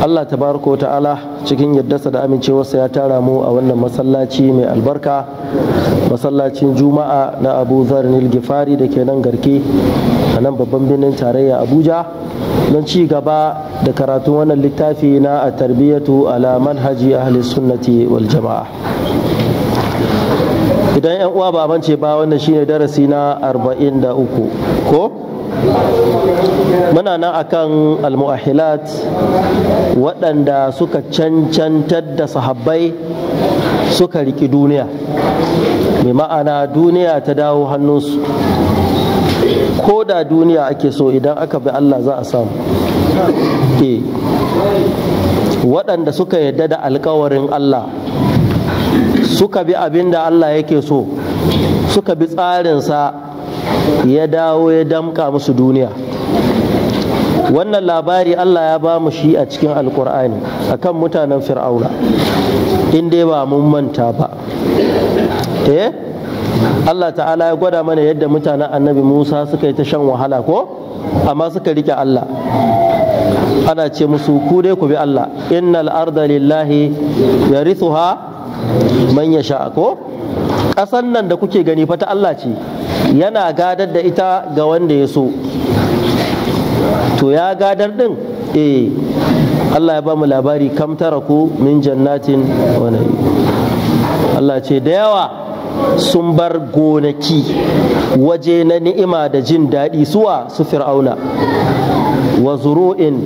Allah Ta baruko ta'ala cikin sa da amincewarsa ya tara mu a wannan masallaci mai albarka masallacin juma'a na abu zarnil gifari da ke nan garke a nan babban birnin tarayya abuja don ci gaba da karatun wannan littafi na a tarbiyyatu ala manhaji ahli sunnati wal jama'a idan yan uwa ba ce ba wannan shine darasi na 43 ko muna nan akan almu'ahilat waɗanda suka cancantar da sahabbai suka riki duniya mai ma'ana duniya ta dawo hannunsu ko da duniya ake so idan aka bi Allah za a samu eh, waɗanda suka yadda da alkawarin Allah suka bi abin da Allah yake so suka bi tsarinsa ya dawo ya damka musu duniya wannan labari Allah ya ba mu shi a cikin alkur'ani kan mutanen fir'auna in dai ba mun manta ba eh Allah ta'ala ya gwada mana yadda mutanen annabi Musa suka yi ta shan wahala ko amma suka rike Allah ana ce musu ku dai ku bi Allah innal arda lillahi yarithuha man yasha ko ƙasan nan da kuke gani fa ta Allah ce yana gadar da ita ga wanda ya so to ya gadar din eh Allah ya ba mu labari kam taraku min jannatin wa Allah ce da yawa sun bar gonaki waje na ni'ima da jin daɗi suwa su fir'auna wa zuru'in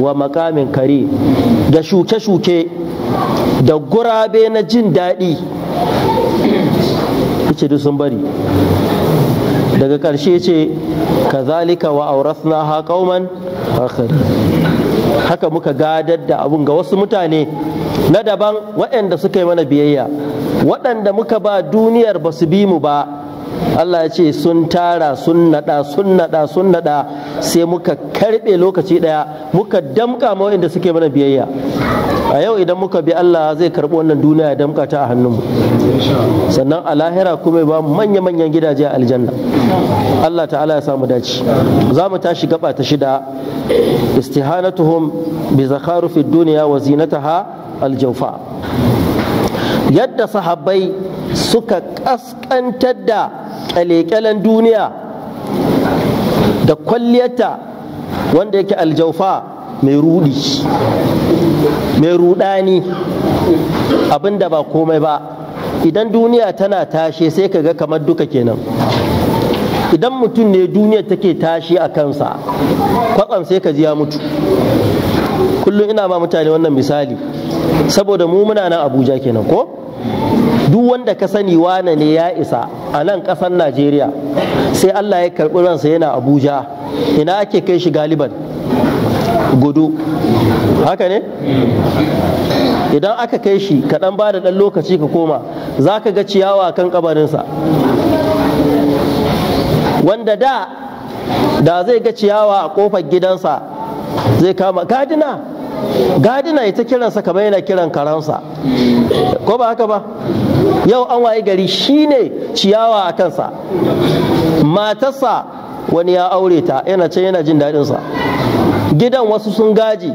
wa makamin kare da shuke-shuke da gurabe na jin daɗi ce duk sun bari daga ƙarshe ce kazalika wa aurasna ha kauman haka muka gadar da abun ga wasu mutane na daban waɗanda suka yi mana biyayya waɗanda muka ba duniyar ba su bi mu ba Allah ya ce sun tara sun nada sun nada sun nada sai muka karbe lokaci daya muka damka ma wanda suke mana biyayya a yau idan muka bi Allah zai karbo wannan duniya ya damka ta a hannunmu sannan a lahira kuma ba manya manyan gidaje a aljanna Allah ta'ala ya samu dace za mu tashi gaba ta shida istihanatuhum bi fi duniya wa zinataha aljawfa yadda sahabbai suka ƙasƙantar da ƙyale-ƙyalen duniya da kwalliyarta wanda yake aljaufa mai rudi mai rudani abinda ba komai ba idan duniya tana tashe sai ka ga kamar duka kenan idan mutum ne duniya take tashe a kansa kwatsam sai ka ji ya mutu kullum ina ba mutane wannan misali saboda mu muna nan abuja kenan ko duk wanda ka sani wane ne ya isa a nan ƙasar najeriya sai allah ya karɓi ransa yana abuja ina ake kai shi galiban gudu haka ne idan aka kai shi kaɗan ba da ɗan lokaci ka koma za ka ga ciyawa kan ƙabarinsa. wanda da da zai ga ciyawa a ƙofar gidansa zai kama kadina gadina ita ta kiransa kamar yana kiran karansa ko ba haka ba yau an waye gari shine ciyawa a kansa matarsa wani ya aure ta yana can yana jin daɗinsa gidan wasu sun gaji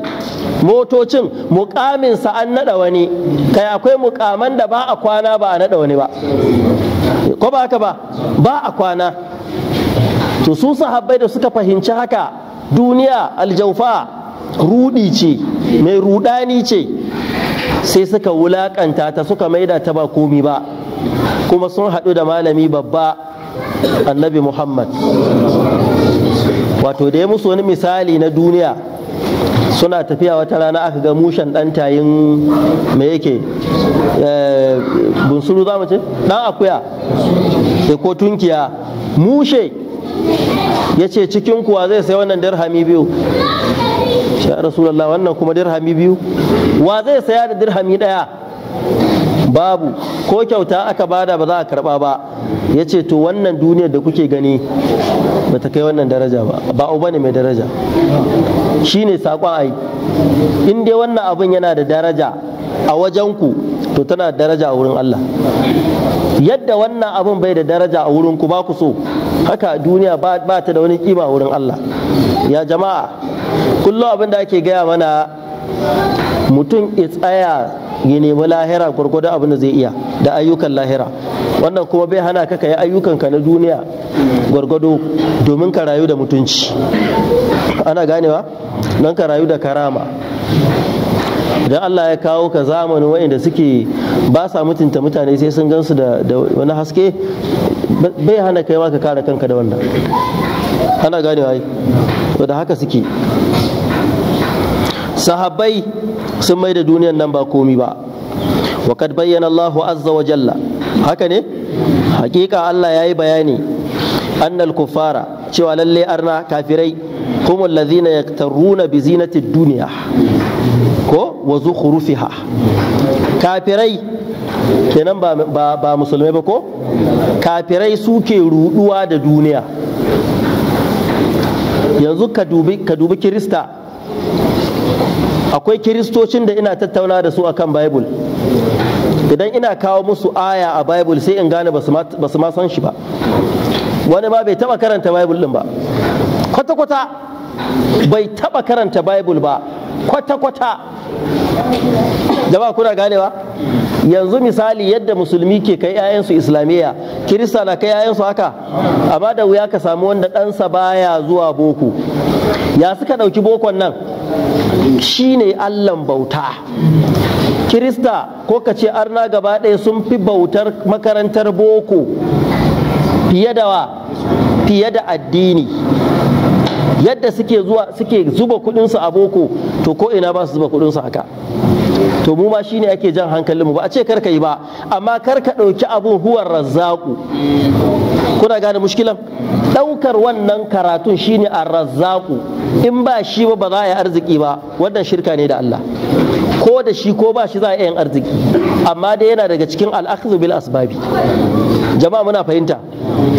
motocin mukaminsa an naɗa wani kai akwai mukaman da ba a kwana ba a naɗa wani ba ko ba haka ba ba a kwana to su sahabbai da suka fahimci haka duniya aljaufa rudi ce mai rudani ce sai suka wulakanta ta suka maida ta ba komi ba kuma sun haɗu da malami babba annabi muhammad wato da ya musu wani misali na duniya suna tafiya wata rana aka ga mushen ɗantayin me yake eh, bunsuru za mu ce ɗan akuya da eh, ko tunkiya mushe ya cikin kuwa zai sai wannan dirhami biyu ya rasulallah! wannan kuma dirhami biyu wa zai saya da dirhami daya babu ko kyauta aka bada ba za a karba ba ya ce to wannan duniyar da kuke gani ba ta kai wannan daraja ba ba uba ne mai daraja shi ne saƙon ai in dai wannan abin yana da daraja a wajenku to tana da daraja a wurin Allah yadda wannan abin bai da daraja a wurin ku ba ku so haka duniya ba ta da wani kima a wurin Allah ya jama'a kullum abin da ake gaya mana mutum ya tsaya ya nemi lahira gwargwadon abin da zai iya da ayyukan lahira wannan kuma bai hana ka yi ka na duniya gwargwado domin ka rayu da mutunci ana ganewa don ka rayu da karama idan Allah ya kawo ka zamanin waɗanda suke ba sa mutunta mutane sai sun gansu da wani haske bai hana kai ma ka kare kanka da wannan ana ganewa yi da haka suke sahabbai sun mai da duniyan nan ba komi ba wa kad bayyana Allah azza wa jalla haka ne hakika Allah ya yi bayani annal kufara cewa lalle arna kafirai kuma allazina yaktaruna bi zinati dunya ko wa zukhrufiha kafirai kenan ba ba musulmai ba ko kafirai suke ruduwa da duniya yanzu ka dubi ka dubi kirista akwai kiristocin da ina tattauna da su akan bible idan ina kawo musu aya a bible sai in gane ba su ma san shi ba wani ma bai taba karanta bible din ba kwata-kwata bai taba karanta bible ba kwata-kwata da ba kuna ganewa yanzu misali yadda musulmi ke kai 'ya'yansu islamiyya kirista na kai 'ya'yansu haka amma da wuya ka samu wanda ɗansa baya zuwa boko ya suka ɗauki bokon nan Shi ne allan bauta kirista ko ka ce arna gaba ɗaya sun fi bautar makarantar boko fiye da addini yadda suke suke zuba kudinsu a boko to ko ina ba su zuba kudinsu haka to mu ma shine ake jan hankalinmu ba a ce karka yi ba amma ka ɗauki abun huwar razzaku kuna gane mushkilan ɗaukar wannan karatun shine a razzaku in ba shi ba ba za a yi arziki ba wannan shirka ne da Allah ko da shi ko ba shi za a yin arziki amma dai yana daga cikin al'akhdhu bil asbabi jama'a muna fahimta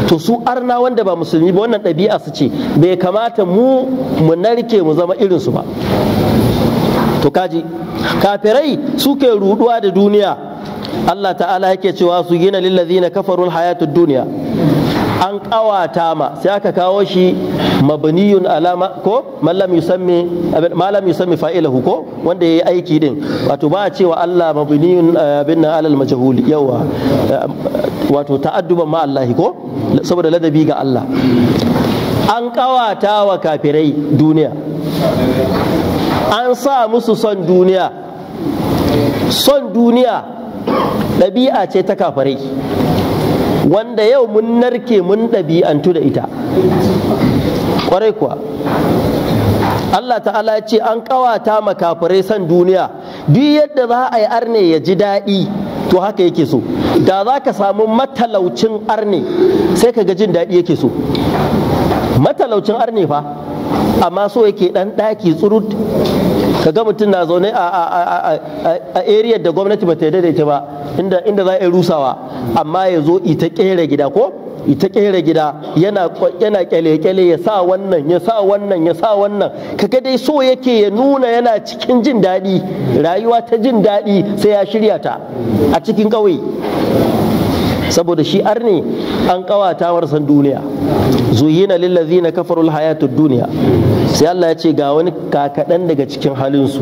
to su arna wanda ba musulmi ba wannan ɗabi'a su ce bai kamata mu mu narke mu zama irinsu ba to kaji kafirai suke ruduwa da duniya Allah ta'ala yake cewa su gina lillazina kafaru hayatud duniya an kawata ma sai aka kawo shi mabniyun alama ko mallam yusammi malam yusammi fa'ilahu ko wanda yayi aiki din wato ba a cewa Allah mabniyun eh, bin alal majhul yawa eh, wato ta'adduban ma Allah ko saboda ladabi ga Allah an kawata wa kafirai duniya an sa musu son duniya son duniya ɗabi'a ce ta kafarai wanda yau mun narke mun ɗabi'antu da ita ƙwarai kuwa Allah ta'ala ce an ƙawata makafirai son duniya duk yadda za a yi arne ya ji daɗi to haka yake so da za ka samu matalaucin arne sai ka ga jin daɗi yake so matalaucin arne fa amma so yake dan daki tsurut kaga mutum na zaune a area da gwamnati bata ta yarda ba inda inda za a rusawa amma yazo zo ita kera gida ko ita kera gida yana yana kyale-kyale ya sa wannan ya sa wannan ya sa wannan kaga dai so yake ya nuna yana cikin jin daɗi rayuwa ta jin daɗi sai ya shirya ta a cikin ƙauye saboda shi ne an kawata san duniya zuyina na kafarul hayatud duniya sai Allah ya ce ga wani kakadan daga cikin halinsu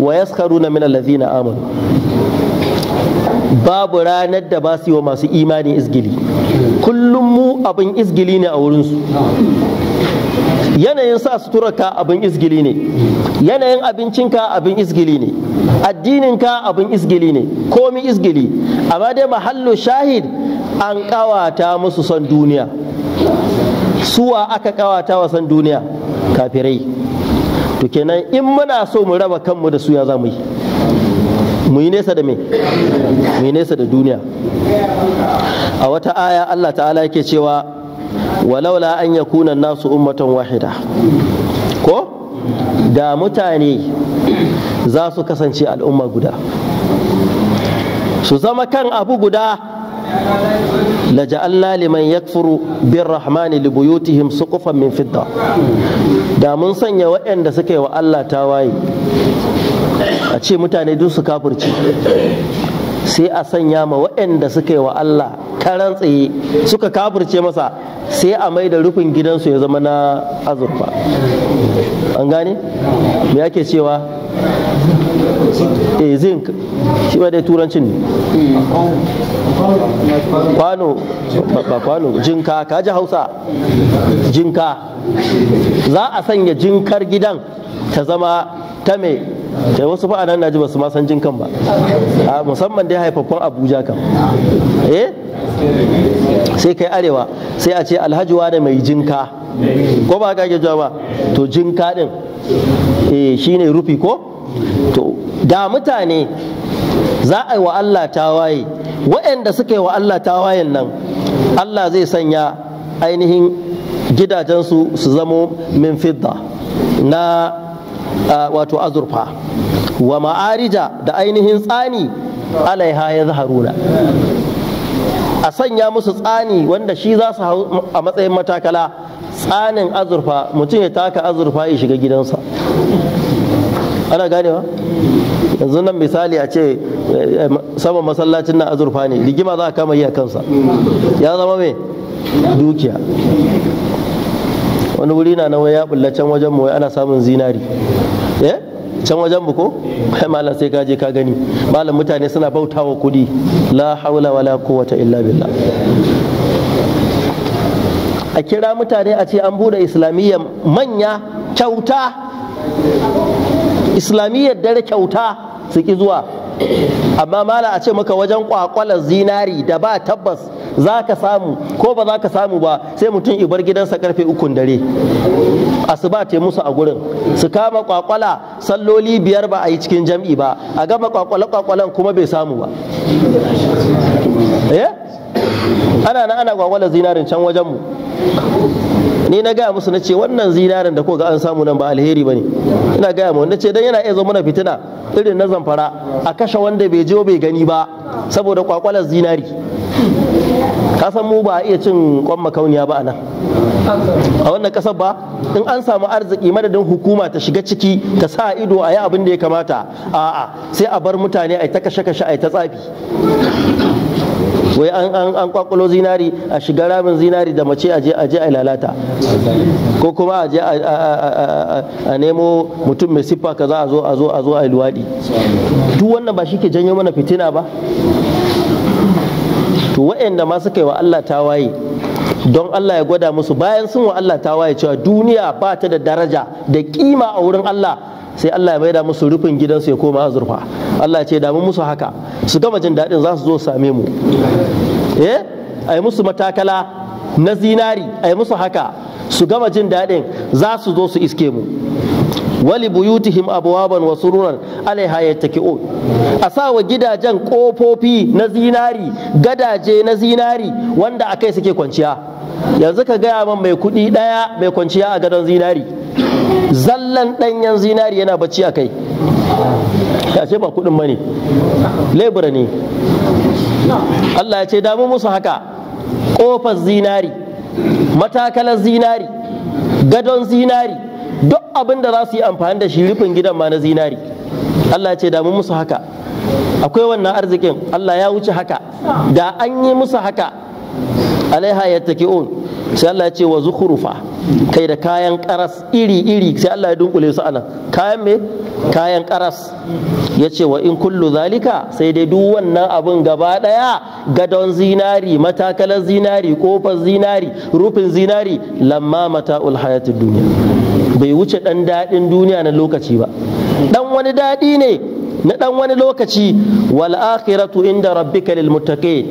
wa yaskharuna min na amanu babu ranar da ba su yi wa masu imani izgili kullum mu abin izgili ne a wurin su. yanayin sa suturarka abin izgili ne yanayin abincinka abin izgili ne addinin ka abin izgili ne komi izgili amma dai mahallu shahid an kawata musu son duniya suwa aka kawata wa san duniya kafirai to kenan in muna so mu raba kanmu da su ya zamu yi mu yi nesa da me mu yi nesa da duniya a wata aya Allah ta'ala yake cewa walaula an ya kuna nasu ummatan wahida ko da mutane za su kasance al'umma guda su zama kan abu guda la ja'alna liman yakfuru bir rahmani li buyutihim suqufan min fidda da mun sanya waɗanda suka yi wa Allah tawaye a ce mutane duk su kafirci sai a sanya ma waɗanda suka yi wa Allah karan tsaye suka kafirce masa sai a mai da rufin gidansu ya zama na azurfa an gane me yake cewa E zinc shi ba dai turancin ne kwano ba kwano jinka ka ji hausa jinka za a sanya jinkar gidan ta zama ta me kai wasu fa anan naji basu ma san jin kan ba a musamman dai haifaffan Abuja kan eh sai kai arewa sai a ce alhaji wane mai jinka ko ba ka ke ba to jinka din eh shine rufi ko to da mutane za a yi wa Allah tawaye waɗanda suka yi wa Allah tawayen nan Allah zai sanya ainihin gidajensu su zamo min fidda na wato azurfa wa ma'arija da ainihin tsani alaiha ya zaharuna a sanya musu tsani wanda shi za su hau a matsayin matakala tsanin azurfa mutum ya taka azurfa ya shiga gidansa ana ganewa yanzu nan misali a ce saman masallacin na azurfa ne rigima za a kama yi a kansa ya zama mai dukiya wani wuri na nawa ya bulla can wajen mu ana samun zinari eh can wajen mu ko kai malam sai ka je ka gani malam mutane suna bautawa kudi la haula wala quwwata illa billah a kira mutane a ce an bude islamiyya manya kyauta islamiyyar dare kyauta su ki zuwa amma mala a ce maka wajen kwakwalar zinari da ba tabbas za ka samu ko ba za ka samu ba sai mutum ibar gidansa karfe ukun dare asuba te musu a gurin su kama kwakwala salloli biyar ba a yi cikin jam'i ba a gama kwakwale kwakwalen kuma bai samu ba eh? ana na ana kwakwalar zinarin can wajen mu ni na gaya musu na ce wannan zinarin da ko ga an samu nan ba alheri ba ne ina gaya mu na ce dan yana iya zama mana fitina irin na zamfara a kashe wanda bai je bai gani ba saboda kwakwalar zinari ka san mu ba a iya cin kwan makauniya ba a nan a wannan kasar ba in an samu arziki madadin hukuma ta shiga ciki ta sa ido a yi abin da ya kamata a'a sai a bar mutane a ta kashe kashe a ta tsafi wai an kwakwalo zinari a shiga ramin zinari da mace aje aje a lalata ko kuma aje a nemo mutum mai siffa kaza a zo a zo a zo a luwaɗi duk wannan ba shi ke janyo mana fitina ba to wa'anda ma suka yi wa Allah tawaye don Allah ya gwada musu bayan sun wa Allah tawaye cewa duniya ba ta da daraja da kima a wurin Allah sai Allah ya maida musu rufin gidansu ya koma azurfa Allah ya ce damu musu haka su gama jin daɗin za su zo same mu eh ai musu matakala na zinari ai musu haka su gama jin daɗin za su zo su iske mu wali buyutihim abwaban wa sururan alaiha yattaki'un a wa gidajen kofofi na zinari gadaje na zinari wanda akai suke kwanciya yanzu ka gaya man mai kuɗi ɗaya mai kwanciya a gadon zinari zallan ɗanyen zinari yana bacci a kai ce ba kuɗin mani lebura ne Allah ya ce damu musu haka ƙofar zinari matakalar zinari gadon zinari duk abin da za su yi amfani da shi rufin gidan ma na zinari Allah ya ce damu musu haka akwai wannan arzikin Allah ya wuce haka da an yi musu haka alaiha yattaki'un sai Allah ya ce wa zukhrufa kai da kayan karas iri-iri sai Allah ya dunkule su anan kayan me kayan karas ya ce wa in kullu zalika sai dai duk wannan abin gaba daya gadon zinari matakalar zinari kofar zinari rufin zinari lamma mata'ul hayatid duniya bai wuce dan dadin duniya na lokaci ba dan wani dadi ne na dan wani lokaci wal akhiratu inda rabbika lil muttaqin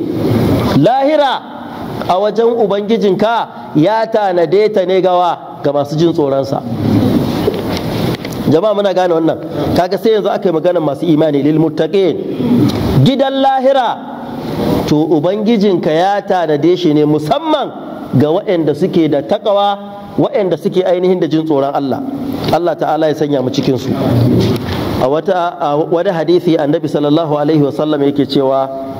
lahira a wajen ubangijinka ya tanade ta ne gawa ga masu jin tsoronsa jama'a muna gane wannan kaga sai yanzu aka yi maganar masu imani lil muttaqin gidan lahira to ubangijinka ya tanade shi ne musamman ga waɗanda suke da takawa waɗanda suke ainihin da jin tsoron Allah Allah ta'ala ya sanya mu cikin su a wata wani hadisi annabi sallallahu alaihi wasallam yake cewa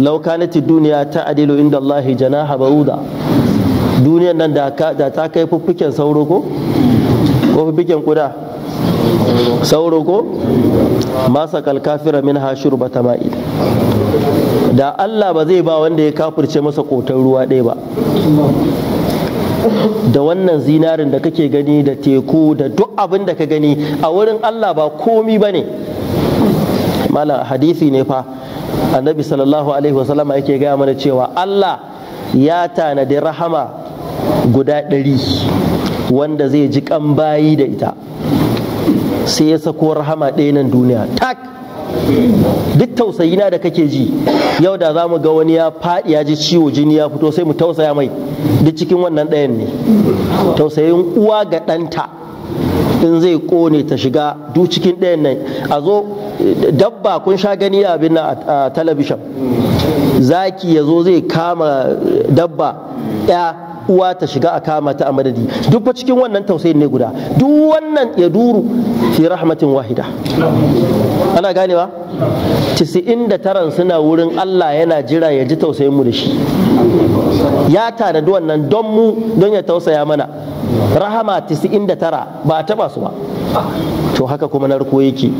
law kanati duniya ta adilu inda Allah janaha bauda duniyan nan da ta kai fuffuken sauro ko ko kuda sauro ko masa kalkafira min hashur bata ma'i da Allah ba zai ba wanda ya kafirce masa kotar ruwa ɗaya ba da wannan zinarin da kake gani da teku da duk abin da ka gani a wurin Allah ba komi ba ne malam hadisi ne fa annabi sallallahu alaihi wasallam yake gaya mana cewa Allah ya tanadi rahama guda ɗari wanda zai ji kan bayi da ita sai ya sako rahama ɗaya nan duniya tak duk tausayina da kake ji yau da za mu ga wani ya faɗi ya ji ciwo jini ya fito sai mu tausaya mai duk cikin wannan ɗayan ne tausayin uwa ga ɗanta in zai kone ta shiga duk cikin ɗayan nan a zo dabba kun sha gani abin nan a talabishin zaki ya zo zai kama dabba ɗaya. uwa ta shiga a kama ta a madadi duk ba cikin wannan tausayin ne guda duk wannan ya duru fi rahmatin wahida ana ganewa Tisi'in da taran suna wurin Allah yana jira ya ji tausayin mu da shi ya tanadi wannan don mu don ya tausaya mana rahama tisi'in da tara ba a taba su ba to haka kuma narko yake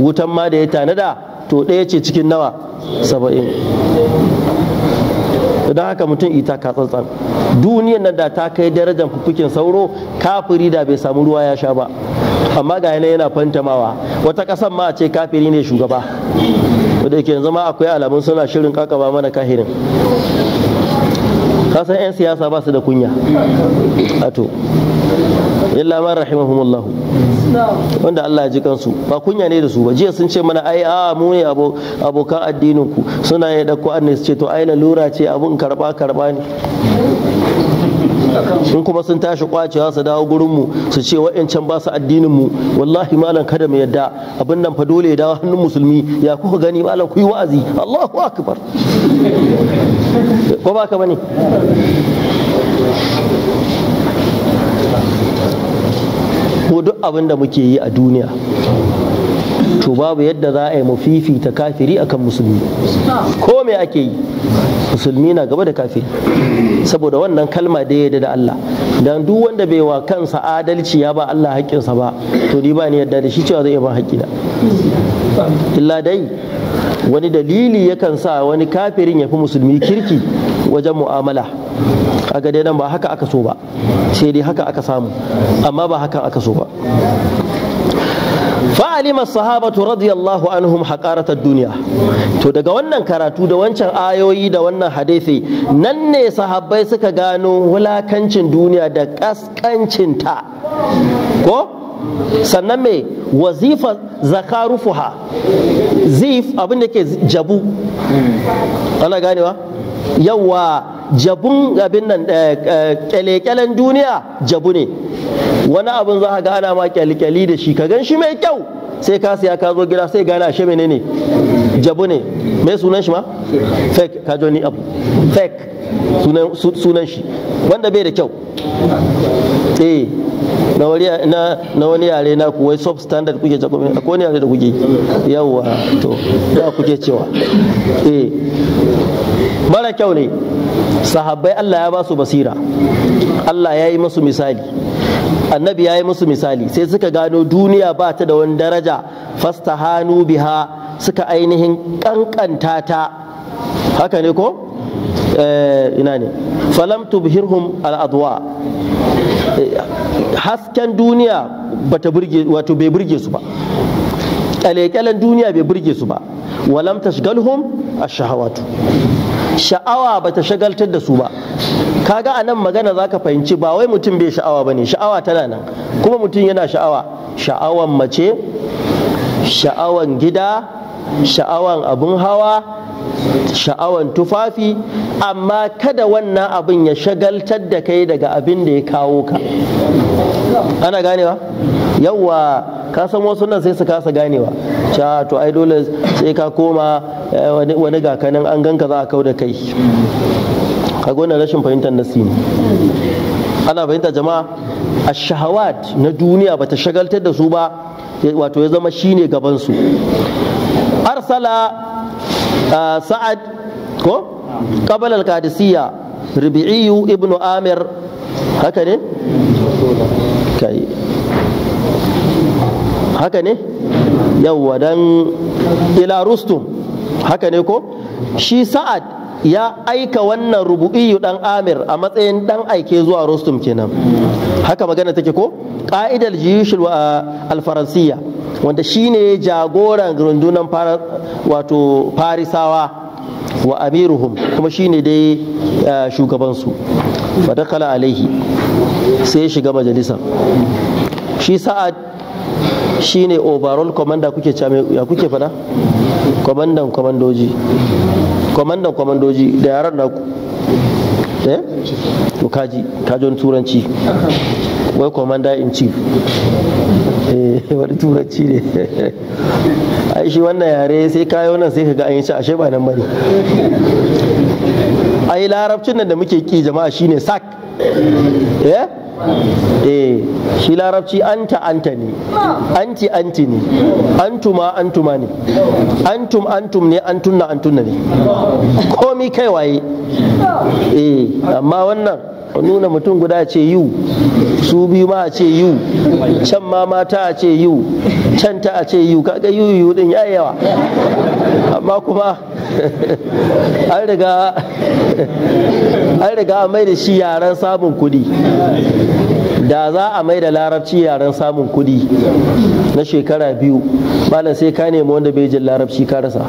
wutan ma da ya tanada to ɗaya ce cikin nawa saba'in don haka mutum ita ka tsantsan duniyar nan da ta kai darajar fukukin sauro kafiri da bai samu ruwa ya sha ba amma ga yana yana fantamawa wata kasan ma ce kafiri ne shugaba da yake zama akwai alamun suna shirin kakaba mana kahirin kasan 'yan siyasa ba su da kunya illa man rahimahumullahu wanda Allah ya ji kansu ba kunya ne da su ba jiya sun ce mana ai a mu ne abokan addinin ku suna ya dauko su ce to ai lura ce abun karba karba ne sun kuma sun tashi kwacewa su dawo gurin mu su ce wa'yancan ba su addinin mu wallahi malam kada mu yadda abin nan fa dole ya dawo hannun musulmi ya kuka gani malam ku yi wa'azi Allahu akbar ko ba ka bane Ko duk abin da muke yi a duniya to babu yadda za a yi mu fifita kafiri akan musulmi ko me ake yi musulmi na gaba da kafiri saboda wannan kalma da ya da Allah dan duk wanda bai wa kansa adalci ya ba Allah haƙƙinsa ba to ni ba ni yadda da shi cewa zai ban haƙƙina illa dai wani dalili yakan sa wani kafirin ya fi musulmi kirki wajen mu'amala kaga dai nan ba haka aka so ba sai dai haka aka samu amma ba haka aka so ba fa'alima sahabatu radiyallahu anhum haƙaratar duniya to daga wannan karatu da wancan ayoyi da wannan hadisi nan ne sahabbai suka gano wulakancin duniya da ta ko sannan mai wazifa zakarufuha zif abin da ke jabu ana ganewa yawa jabun abin nan eh, eh, kyale-kyalen duniya jabu ne wani abin za ga ana ma kyale da shi ka gan shi mai kyau sai ka siya ka zo gida sai gana shi ne jabu ne mai sunan shi ma fake ka ni abu fake sunan shi wanda bai da kyau eh na wani yare na kuwa substandard kuke ta kuma akwai yare da kuke yawwa to da kuke cewa eh mara kyau ne sahabbai Allah ya ba su basira Allah ya yi musu misali annabi ya yi musu misali sai suka gano duniya ba ta da wani daraja fasta hannu biha suka ainihin kankanta ta haka ne ko eh, ina ne falam tubhirhum al'adwa eh, hasken duniya bata burge wato bai burge su ba kyale duniya bai burge su ba walam tashgalhum ash-shahawatu sha'awa ba ta shagaltar da su ba kaga a nan magana za ka fahimci ba wai mutum bai sha'awa ba ne sha'awa tana nan kuma mutum yana sha'awa sha'awan mace sha'awan gida sha'awan abin hawa sha'awan tufafi amma kada wannan abin ya shagaltar da kai daga abin da ya kawo ka ana ganewa yawwa ka san wasu nan sai su kasa ganewa cha to ai dole sai ka koma eh, wani gakanin an ganka za a kau da kai ka gona rashin fahimtar nasi ne ana fahimta jama'a a shahawat na duniya ba ta shagaltar da su ba wato ya zama shine gabansu arsala eh, sa'ad ko qabal al-qadisiyya rubi'iyu ibnu amir haka ne kai haka ne yawwa dan ila rustum haka ne ko shi sa'ad ya aika wannan rubu'iyu dan amir a matsayin dan aike zuwa rustum kenan haka magana take ko ƙa'idar jiyushul alfaransiya wanda shi ne jagoran rundunan wato farisawa wa amiruhum kuma shi ne dai shugabansu fadakala alaihi sai shiga majalisa shi sa'ad shine overall commander kuke ya kuke fada commandan kwamandoji Commandan kwamandoji da yaran naku eh to kaji kajon turanci wai commander in chief eh wani turanci ne ai shi wannan yare sai kayo nan sai ka ga, yi ashe ba nan bane ai larabcin nan da muke ki jama'a shine sac eh eh shi larabci anta anta ne anti anti ne antuma antuma ne antum antum ne antunna antunna ne komi kai waye eh amma wannan nuna mutum guda ce yu su biyu ma a ce yu can ma mata a ce yu can ta a ce yu kaga yu yu din yayi yawa amma kuma an riga a mai da shi yaren samun kudi da za a mai da larabci yaren samun kudi na shekara biyu malam sai ka nemi wanda bai jin larabci ka rasa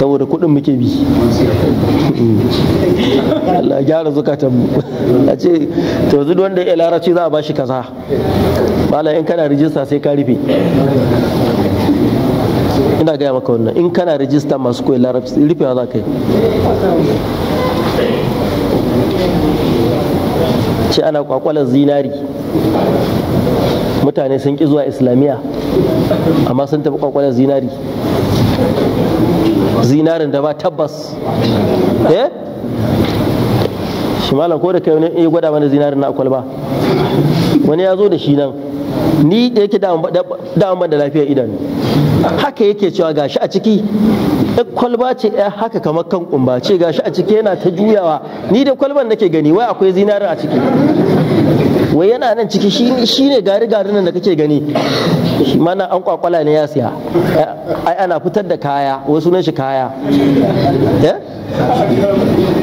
saboda kudin muke bi Allah gyara zukatan mu a ce to duk wanda ya larabci za a bashi kaza malam in kana rijista sai ka rufe ina gaya maka wannan in kana rijista masu koyi larabci rufewa za ka yi ce ana kwakwalar zinari mutane sun ki zuwa islamiyya amma sun tafi kwakwalar zinari zinarin da ba tabbas eh? shi malam ko da kai wani iya gwada mana zinarin na akwalba wani ya zo da shi nan ni da yake daman da lafiyar idanu haka yake cewa gashi a ciki ɗan kwalba ce ɗaya haka kamar kan kumba ce gashi a ciki yana ta juyawa ni da kwalban nake gani wai akwai zinarin a ciki wai yana nan ciki shi ne gari gari nan da kake gani mana an kwakwala ne ya siya ai ana fitar da kaya wasu nan shi kaya eh?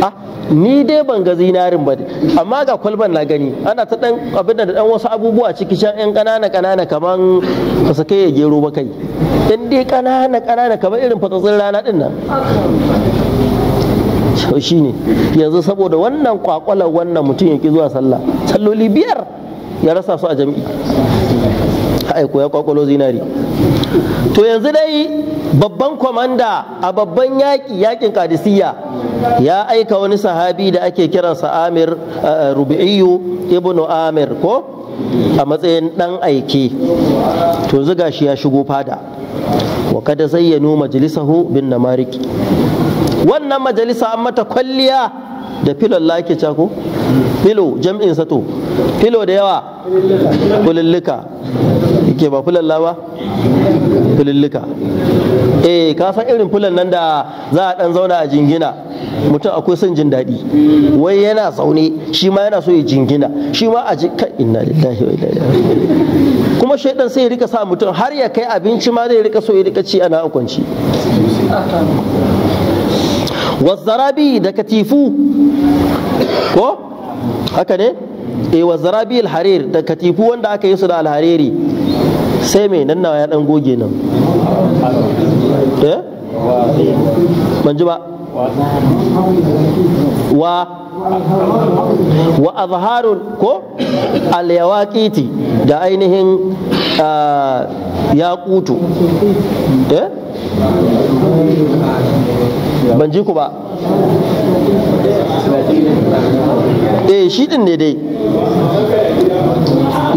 ah, ni dai ban ga zinarin ba amma ga kwalban na gani ana ta dan abin da dan wasu abubuwa ciki can yan ƙanana ƙanana kaman ka sake ya gero ba kai yan dai ƙanana ƙanana kamar irin fatsatsin rana din nan shi ne yanzu saboda wannan kwakwalar wannan mutum ya ki zuwa sallah salloli biyar ya rasa su a jam'i aiko ya kwakwalo zinari to yanzu dai babban kwamanda a babban yaƙi yaƙin kadisiyya ya aika wani sahabi da ake kiransa amir eh, rubi'iyu ibnu amir ko a matsayin ɗan aike to zuga shi ya shigo fada wa kada zayyano majalisahu bin namariki wannan majalisa an mata kwalliya da filon lake cako filo jam'in sato filo da yawa kulillika yake ba filon lawa fulillika eh ka san irin fulan nan da za a dan zauna a jingina mutum akwai son jin daɗi wai yana zaune shi ma yana so ya jingina shi ma a jika inna lillahi wa inna kuma shaidan sai ya rika sa mutum har ya kai abinci ma zai rika so ya rika ci ana kwanci wazzarabi da katifu ko haka ne e wazzarabi alharir da katifu wanda aka yi su da alhariri sai mai nan nawa ya dan goge nan eh ji ba wa wa azharun ko alyawaqiti da ainihin ah, yaqutu eh ban ji ku ba eh shi din ne dai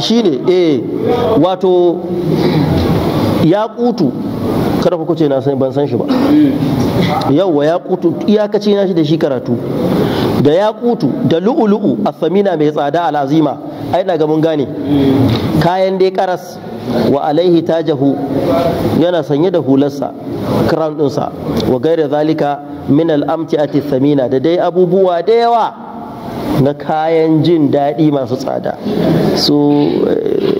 shine eh wato ya kutu kada ku ce na san ban san shi ba yawwa ya kutu iyakaci na shi da shi karatu da ya kutu da lu'ulu'u a Samina mai tsada al'azima ai na ga mun gane kayan dai karas wa alaihi tajahu yana sanye da hularsa crown dinsa wa gaira zalika min al'amti ati Samina da dai abubuwa da yawa na kayan jin daɗi masu tsada su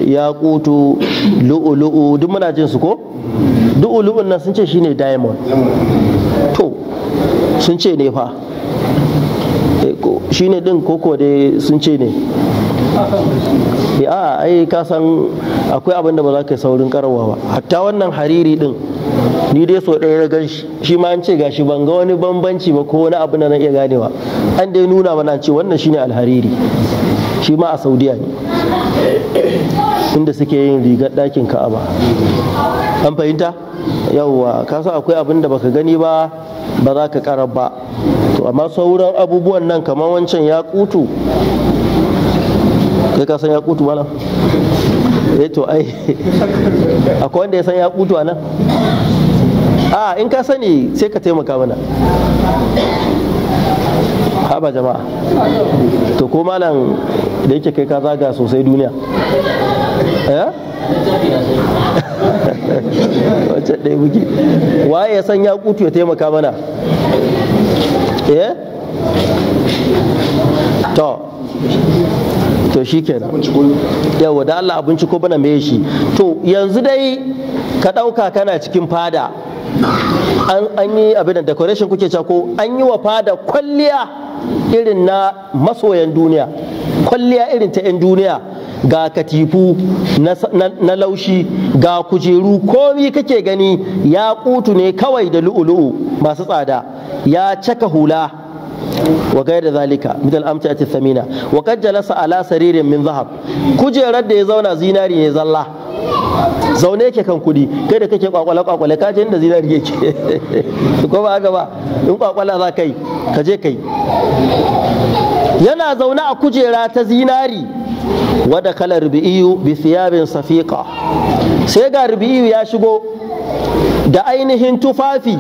ya eh, yakutu lu'ulu'u duk muna jin su ko lu'ulu'un nan sun ce shine diamond to sun ce ne fa eh, shine din koko dai sun ce ne eh, a ai ka san akwai abin da ba za ka yi saurin karawa ba hatta wannan hariri din ni dai so ɗaya na gan shi shi ma an ce gashi ban ga wani bambanci ba ko wani abu na nan iya ganewa an dai nuna mana ce wannan shine alhariri shi ma a saudiya ne inda suke yin rigar ɗakin ka'aba an fahimta yawwa san akwai abin da baka gani ba ba za ka karar ba to amma sauran abubuwan nan kamar wancan ya kutu kai ka san ya kutu malam eh to ai akwai wanda ya san ya kutu a nan a in ka sani sai ka taimaka mana haba jama'a to ko malam da yake kai ka zaga sosai duniya eh? wacce ɗaya muke waye ya san ya kutu ya taimaka mana eh to to shi kenan yawa da Allah abinci ko bana mai shi to yanzu dai ka ɗauka kana cikin fada an yi abin da decoration kuke ko an yi wa fada kwalliya irin na masoyan duniya kwalliya irin ta 'yan duniya ga katifu na laushi ga kujeru komi kake gani ya kutu ne kawai da lu'ulu'u masu tsada ya caka hula wa da zalika midal amta ce samina wa kajjalasa ala saririn min zahab kujerar da ya zauna zinari ne zalla zaune yake kan kudi kai da kake kwakwale kwakwale ka je inda zinari yake ko ba haka ba in kwakwala za kai, ka je kai. yana zaune a kujera ta zinari wada kala rubi'iyu bi thiyabin safiqa sai ga rubi'iyu ya shigo da ainihin tufafi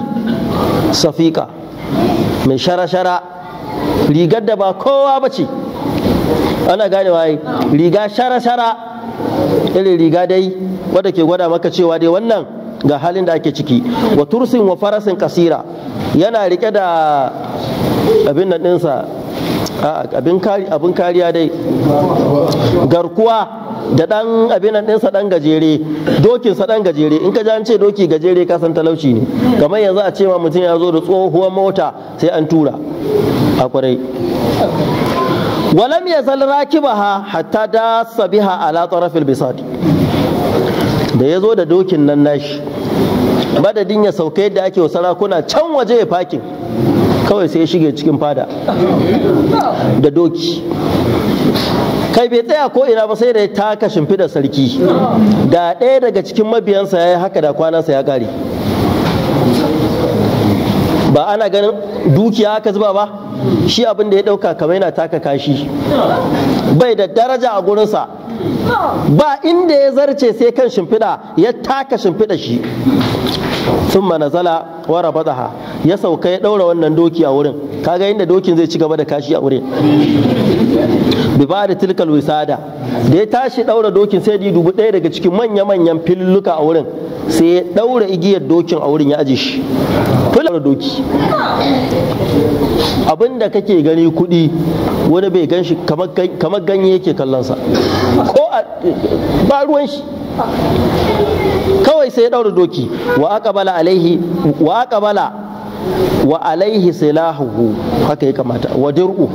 safiqa mai shara-shara rigar da ba kowa bace ce ana ganewa riga shara-shara irin riga dai wadda ke gwada maka cewa dai wannan ga halin da ake ciki wa tursin wa farasin kasira yana rike da abin nan ɗinsa abin kariya dai garkuwa da ɗan abin nan ɗinsa ɗan gajere dokinsa ɗan gajere in ka ji an ce doki gajere ka san talauci ne kamar yanzu a ce ma mutum ya zo da tsohuwar mota sai an tura a kwarai walam yazal rakibaha hatta dasa biha ala tarafil bisad da yazo da dokin nan nashi madadin ya sauka yadda ake wa sarakuna can waje ya fakin kawai sai ya shige cikin fada da doki kai bai tsaya ko ina ba sai da ya taka shimfidar sarki da ɗaya daga cikin mabiyansa ya yi haka da kwanansa ya ƙare ba ana ganin dukiya aka zuba ba shi abin da ya ɗauka kamar yana taka kashi bai da daraja a gurinsa ba inda ya zarce sai kan shimfiɗa ya taka shimfiɗa shi thumma manazala wara rabataha ya sauka ya ɗaura wannan doki a wurin kaga inda dokin zai ci gaba da kashi a wurin bi ba da tilkal wisada da ya tashi daura dokin sai ya dubu ɗaya daga cikin manya-manyan filulluka a wurin sai ya daura igiyar dokin a wurin ya aje shi fular doki abinda kake gani kuɗi wani bai gan shi kamar ganye yake kallonsa ko ba ruwan shi kawai sai ya daura doki wa aka bala alaihi wa aka bala wa alaihi silahuhu haka ya kamata wa dir'u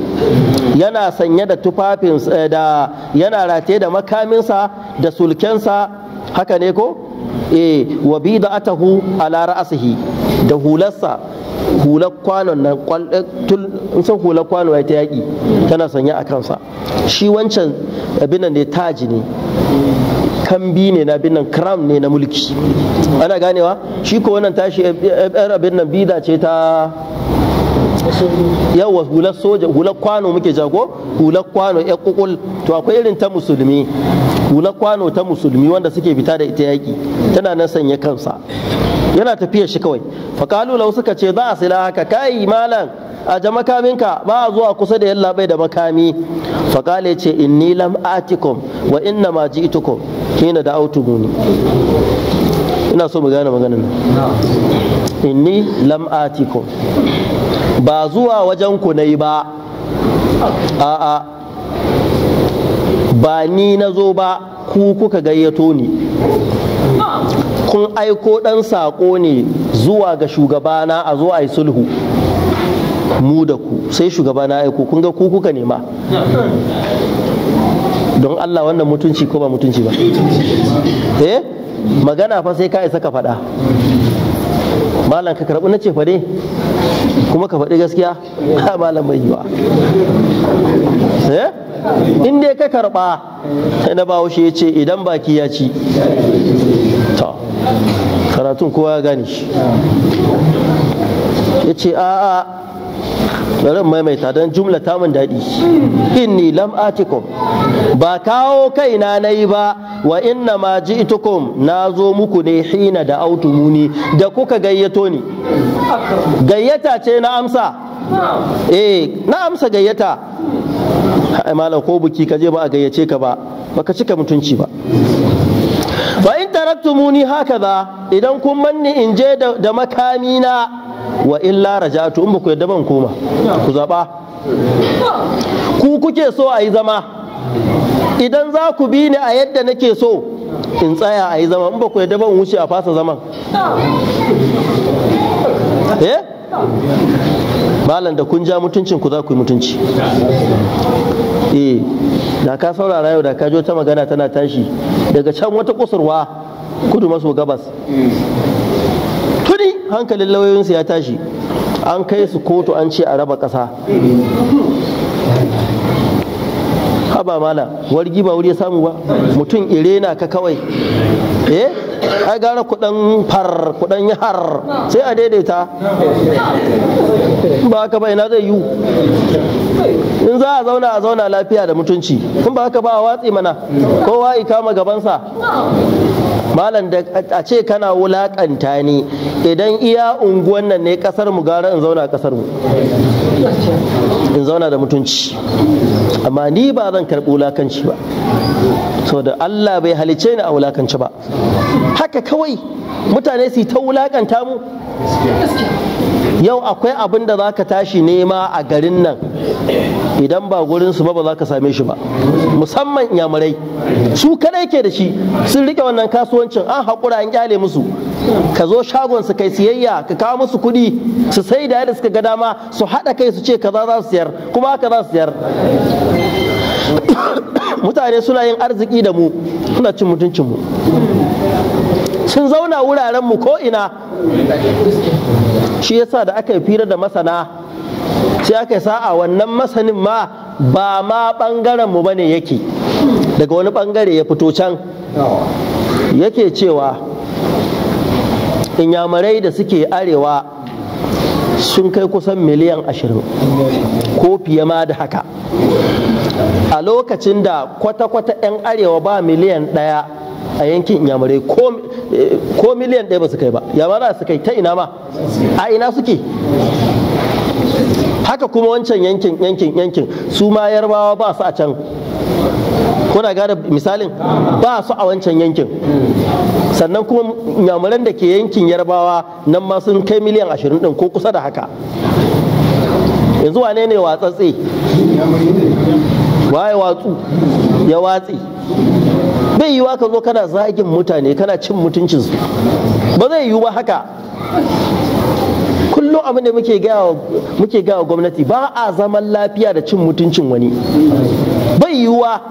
yana sanye da tufafin eh, da yana rataye da makaminsa da sulkensa haka ne ko eh wa bida'atahu ala ra'sihi da hularsa hular kwanon nan sun eh, hular kwano ta yaki. tana sanye a kansa shi wancan abin ne taji ne kambi ne na binnan kram ne na mulki ana ganewa shi ko wannan tashi yar eh, eh, eh, abin nan bida ce ta yawa hular soja hular kwano muke jago hular kwano ya kukul to akwai irin ta musulmi hular kwano ta musulmi wanda suke fita da ita yaki tana nan sanya kansa yana tafiya shi kawai fakalu lau suka ce za a sila haka kai malam a ja makaminka ba a zuwa kusa da bai da makami faƙale ce inni lam atikum wa inna ma ji'tukum kina da autumuni ina so mu gane maganin nan inni lam atikum ba zuwa wajen ku nayi ba a'a ba ni na zo ba ku kuka gayyato ni kun aiko dan sako ne zuwa ga shugabana a zo a yi sulhu mu da ku sai shugaba na aiko kun ga ku kuka nema don Allah wannan mutunci ko ba mutunci ba eh magana fa sai ka isa ka faɗa malam ka karɓi na ce kuma ka faɗi gaskiya ha malam mai yiwa eh inda ka karɓa sai na bawo shi ya ce idan baki ya ci to karatun kowa ya gane shi ya ce a'a bari maimaita don jumla tamun daɗi inni lam atikum ba kawo kaina na yi ba wa na ma ji'tukum na zo muku ne hina da autumuni da kuka gayyato ni gayyata ce na amsa eh na amsa gayyata A ko buki ka je ba a gayyace ka ba baka cika mutunci ba Ba in taraktumuni hakaza idan kun manni in je da makami na wa illa raja'tu in ba ku yadda ban koma ku zaba ku kuke so a yi zama idan za ku bi ni a yadda nake so in tsaya a yi zama in ba ku yadda ban wuce a fasa zaman eh malam da kun ja mutuncin ku za ku yi mutunci eh da ka saurara yau da ka jo ta magana tana tashi daga can wata kusurwa kudu maso gabas hankalin lauyoyinsu ya tashi an kai su kotu an ce a raba ƙasa haba mala wargi ba wuri ya samu ba mutum irena ka kawai eh ai gara kudan far kudan har sai a daidaita ba haka ba ina zai yi in za a zauna a zauna lafiya da mutunci in ba haka ba a watsi mana kowa ikama gabansa malam da a ce kana wulaƙanta ni idan iya unguwan nan ne kasar mu gara in zauna kasar mu in zauna da mutunci amma ni ba zan karɓi wulaƙanci ba So da Allah bai halice ni a wulaƙanci ba haka kawai mutane su ta wulaƙanta mu yau akwai abin da za ka tashi nema a garin nan idan ba gurin su ba ba za ka same shi ba musamman inyamurai su kadai ke da shi sun rike wannan kasuwancin an haƙura an kyale musu ka zo shagon su kai siyayya ka kawo musu kuɗi su sai da yadda suka ga dama su haɗa kai su ce kaza za su siyar kuma haka za su siyar mutane suna yin arziki da mu suna cin mutuncin mu sun zauna wuraren mu ko ina shi yasa da aka yi fira da masana sai aka sa'a wannan masanin ma ba ma ɓangaren mu bane yake daga wani ɓangare ya fito can yake cewa inyamurai da suke arewa sun kai kusan miliyan ashirin ko fiye ma da haka a lokacin da kwata-kwata 'yan arewa ba miliyan ɗaya a yankin inyamurai ko eh, miliyan ɗaya ba su kai ba yamara su kai ta ina ma a ina suke haka kuma wancan yankin yankin yankin su ma yarbawa ba su a can kuna gane misalin ba su a wancan yankin sannan kuma nyamuran da ke yankin yarbawa nan ma sun kai miliyan ashirin din ko kusa da haka yanzu wane ne watsatse waye watsu ya watsi bai yiwa ka zo kana zagin mutane kana cin mutuncinsu ba zai yiwu ba haka kullum abin da muke gaya wa gwamnati ba a zaman lafiya da cin mutuncin wani bai yiwuwa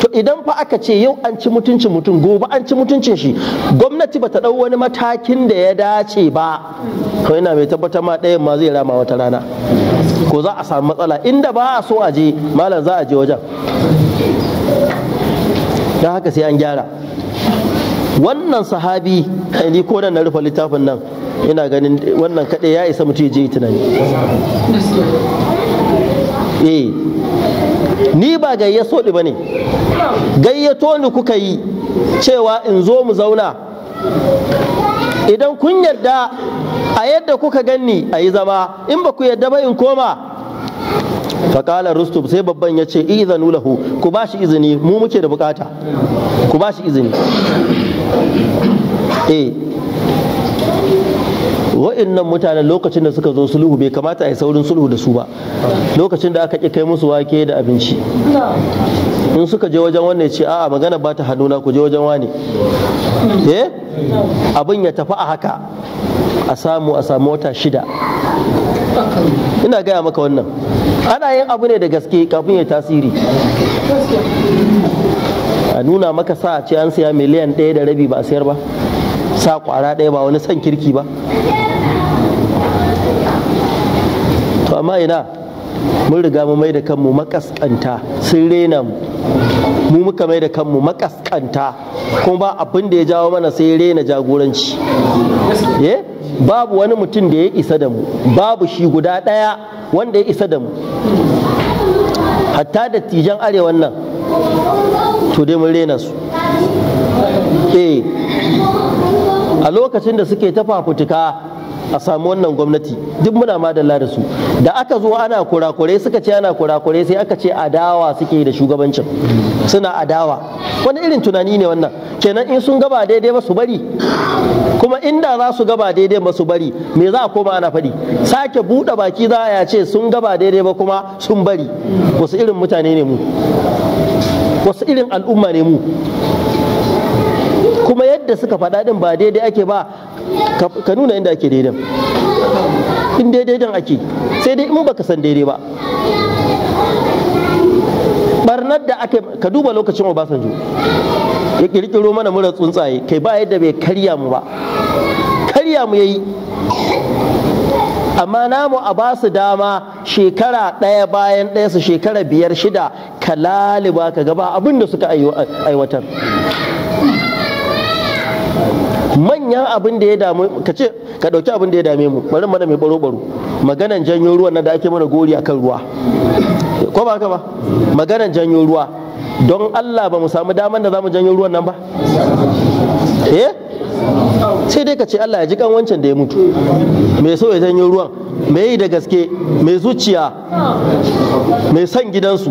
to idan fa aka ce yau an ci mutuncin mutum gobe an ci mutuncin shi gwamnati ba ta ɗau wani matakin da ya dace ba to yana mai tabbatar ma ɗayan ma zai rama wata rana ko za a samu matsala inda ba a so a je malam za a je wajen don haka sai an gyara wannan sahabi ni ko nan na rufe littafin nan ina ganin wannan kaɗai ya isa mutum je tunani eh ni ba gayyato ni ba ne gayyato ni kuka yi cewa in zo mu zauna idan kun yarda a yadda kuka ganni a yi zama in ba ku yarda ba in koma faƙalar rustub sai babban ya ce izanu lahu ku ba shi izini mu muke da bukata ku ba shi izini e wa'annan mutanen lokacin da suka zo sulhu bai kamata a yi saurin sulhu da su ba lokacin da aka ƙi kai musu wake da abinci in suka je wajen wannan ce a'a magana ba ta hannuna ku je wajen wani. eh abin ya tafi a haka a samu a samu wata shida ina gaya maka wannan ana yin abu ne da gaske kafin ya tasiri a nuna maka sa ce an saya miliyan ɗaya da rabi ba a siyar ba sa kwara ɗaya ba wani son kirki ba to amma ina mun riga mu mai da kanmu makaskanta sun rena mu muka mai da kanmu makaskanta kuma ba abin da ya jawo mana sai rena jagoranci eh? babu wani mutum da ya isa da mu babu shi guda ɗaya wanda ya isa da mu hatta dattijan arewan nan to dai mun rena su eh, a lokacin da suke ta fafutuka a samu wannan gwamnati duk muna madalla da su da aka zo ana kurakurai suka ce ana kurakurai sai aka ce adawa suke da shugabancin suna adawa wani irin tunani ne wannan kenan in sun gaba daidai ba su bari kuma inda za su gaba daidai ba su bari me za a koma ana faɗi sake buɗe baki za a ce sun gaba daidai ba kuma sun bari wasu irin mutane ne mu wasu irin al'umma ne mu kuma yadda suka faɗa ɗin ba daidai ake ba ka nuna inda ake daidan in daidai dan ake sai dai in baka san daidai ba barnar da aka ka duba lokacin obasanjo ya kirkiro mana mura tsuntsaye kai ba yadda bai karya mu ba karya mu yayi amma namu a ba su dama shekara ɗaya bayan ɗaya su shekara biyar shida ka laliba ka gaba abin da suka aiwatar manyan abin da ya damu ka ce ka dauki abin da ya dame mu bari mana mai baro baro maganan janyo ruwan nan da ake mana gori akan ruwa ko ba haka ba maganan janyo ruwa don Allah ba mu samu daman da za mu janyo ruwan nan ba eh sai dai ka ce Allah ya ji kan wancan da ya mutu mai so ya janyo ruwan mai yi da gaske mai zuciya mai son gidansu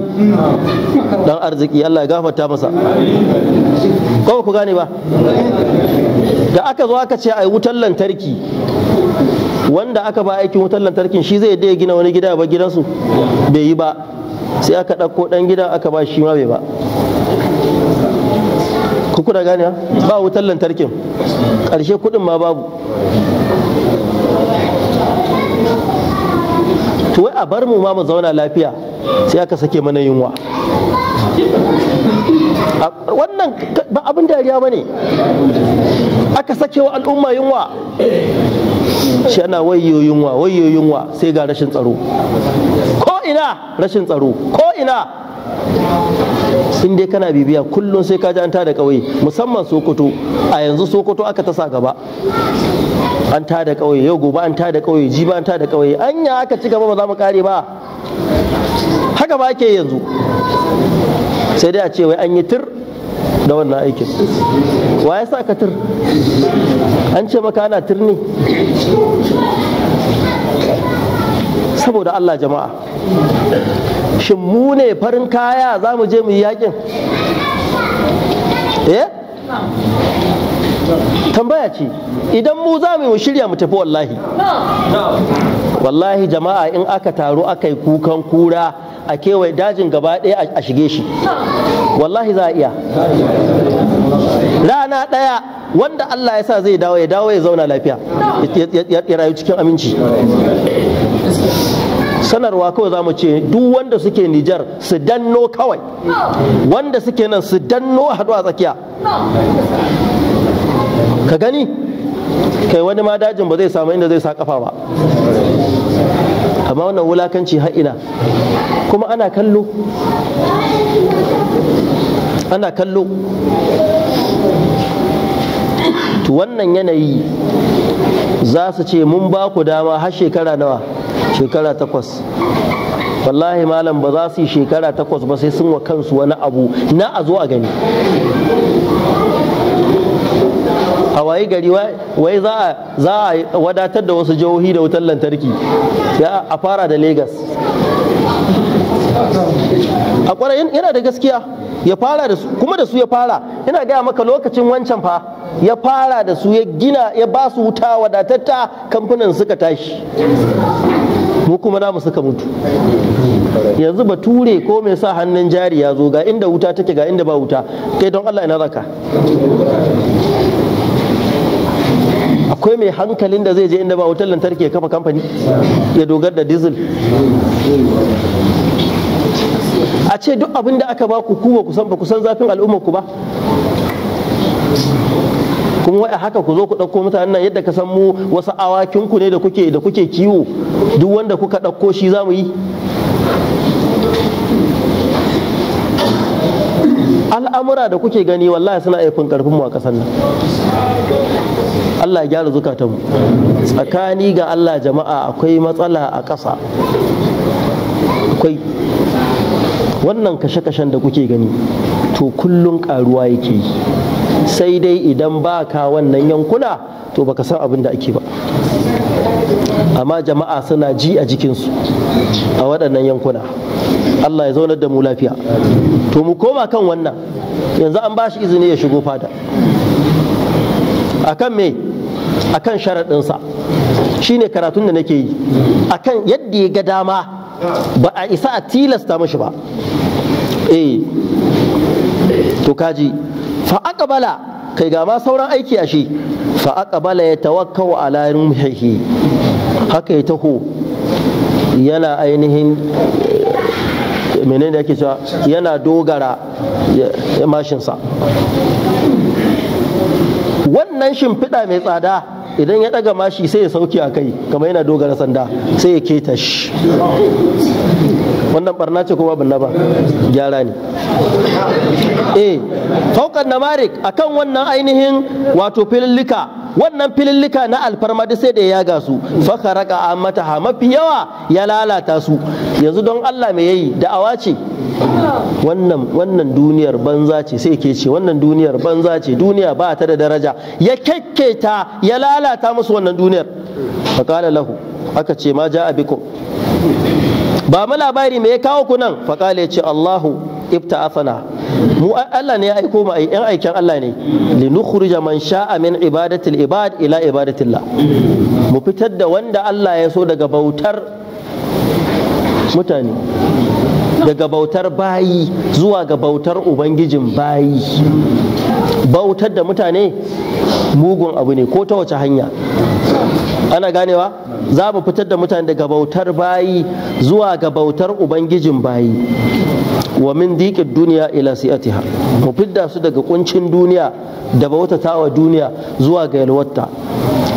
dan arziki Allah ya gafarta masa ko ku gane ba da aka zo aka ce a wutar lantarki wanda aka ba aikin wutar lantarkin shi zai ya gina wani gida ba gidansu bai yi ba sai aka ɗauko ɗan gidan aka ba shi ma bai ba kuku da gani ba wutar lantarkin ƙarshe kuɗin ma babu to wai a bar mu ma mu zauna lafiya sai aka sake mana yunwa wannan ba abin dariya ba ne aka sake wa al'umma yunwa shi ana wayo yunwa wayo yunwa sai ga rashin tsaro ko ina rashin tsaro ko ina sun dai kana bibiya kullum sai ka ji an tada kauye musamman sokoto a yanzu sokoto aka tasa gaba an tada kawai yau gobe an tada ji ba an tada kawai anya aka ci gaba ba za mu kare ba haka ba ake yanzu sai dai a ce wai an yi tir da wannan aikin wa ya sa ka tir an ce maka ana tir ne saboda Allah jama'a shin mu ne farin kaya za mu je mu yi yakin eh tambaya ce idan mu za mu shirya mu tafi wallahi wallahi jama'a in aka taru aka yi kukan kura a kewaye dajin gaba ɗaya a shige shi wallahi za a iya rana ɗaya wanda Allah ya sa zai dawo ya dawo ya zauna lafiya ya rayu cikin aminci sanarwa kawai za mu ce duk wanda suke Nijar su danno kawai wanda suke nan su danno haɗu a tsakiya ka gani kai wani ma dajin ba zai samu inda zai sa kafa ba amma wannan wulakanci ina kuma ana kallo ana kallo to wannan yanayi za su ce mun ba ku dama har shekara nawa shekara takwas wallahi malam ba za su yi shekara takwas ba sai sun wa kansu wani abu na a zo a gani a waye gari wai za a wadatar da wasu jihohi da wutar lantarki ya a fara da Legas. a ƙwarayin yana da gaskiya ya fara da su kuma da su ya fara ina gaya maka lokacin wancan fa ya fara da su ya gina ya ba su wuta wadatatta kamfanin suka tashi mu kuma mu suka mutu yanzu ba ture ko mai sa hannun jari ya zo ga inda wuta take ga inda ba wuta kai don allah ina raka. akwai mai hankalin da zai je inda ba wutar lantarki ya kafa kamfani ya dogar da diesel a ce duk abin da aka ba ku kuma kusan ba kusan zafin al'ummar ku ba kuma wai haka ku zo ku ɗauko mutane nan yadda ka san mu wasu awakin ku ne da kuke da kuke kiwo duk wanda kuka ɗauko shi za mu yi al'amura da kuke gani wallahi suna aifin karfin mu a ƙasar nan Allah ya gyara zukatanmu tsakani ga Allah jama'a akwai matsala a ƙasa akwai wannan kashe-kashen da kuke gani to kullum ƙaruwa yake yi sai dai idan ba ka wannan yankuna to baka san abin da ake ba amma jama'a suna ji a jikinsu a waɗannan yankuna Allah ya zaunar da mu lafiya to mu koma kan wannan yanzu an ba shi izini ya shigo fada akan me akan sharaɗinsa shine karatun da nake yi akan yadda ya ga dama ba a isa a tilasta mashi ba eh to kaji fa aqbala kai ga ma sauran aiki a shi fa aqbala ya tawakkau ala rumhihi haka ya taho yana ainihin menene yake cewa yana dogara mashinsa wannan shimfiɗa mai tsada idan ya ɗaga mashi sai ya sauke a kai kamar yana dogara sanda sai ya keta shi wannan barna ce kuma banna ba gyara ne eh faukan namarik akan wannan ainihin wato filillika wannan filillika na alfarma duk sai da ya yaga su faka raka ha mafi yawa ya lalata su yanzu don Allah mai yayi awa ce wannan duniyar banza ce sai ke ce wannan duniyar banza ce duniya ba ta da daraja ya kekketa ya lalata musu wannan duniyar faƙala lahu aka ce ma a biko. ba mu labari me ya kawo ku nan faqala ya ce Allahu ibta'afana mu Allah ne ya aiko mu yan aikin Allah ne nukhrija man sha'a min ibadatil ibad ila ibadatillah mu fitar da wanda Allah ya so daga bautar mutane daga bautar bayi zuwa ga bautar ubangijin bayi bautar da mutane mugun abu ne ko ta wace hanya ana ganewa za mu fitar da mutane daga bautar bayi zuwa ga bautar ubangijin bayi wa min diƙin duniya ila siyatiha mu fidda su daga kuncin duniya da bautata wa duniya zuwa ga yalwatta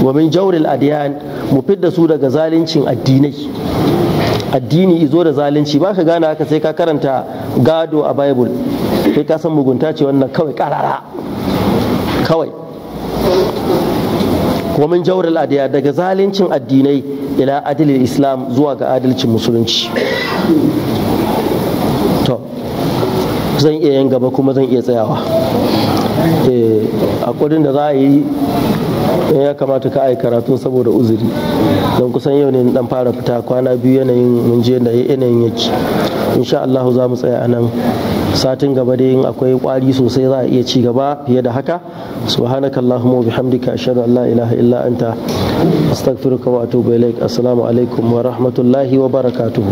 wa min jauril adiyan mu fidda su daga zaluncin addinai addini izo da zalunci ba ka gane haka sai ka karanta gado a bible sai ka san mugunta ce wannan kawai karara kawai wa min jawril adiya daga zalincin addinai ila adilil islam zuwa ga adalcin musulunci to zan iya yin gaba kuma zan iya tsayawa eh, a kudin da za a yi eh, ya kamata ka yi karatu saboda uzuri don kusan yau ne dan fara fita kwana biyu yanayin mun je da yanayin yake insha Allah za mu tsaya anan satin gaba dai in akwai kwari sosai za a iya ci gaba fiye da haka allahumma wa bihamdika ashhadu an la ilaha illa anta astaghfiruka wa atubu ilaik assalamu alaikum wa rahmatullahi wa barakatuhu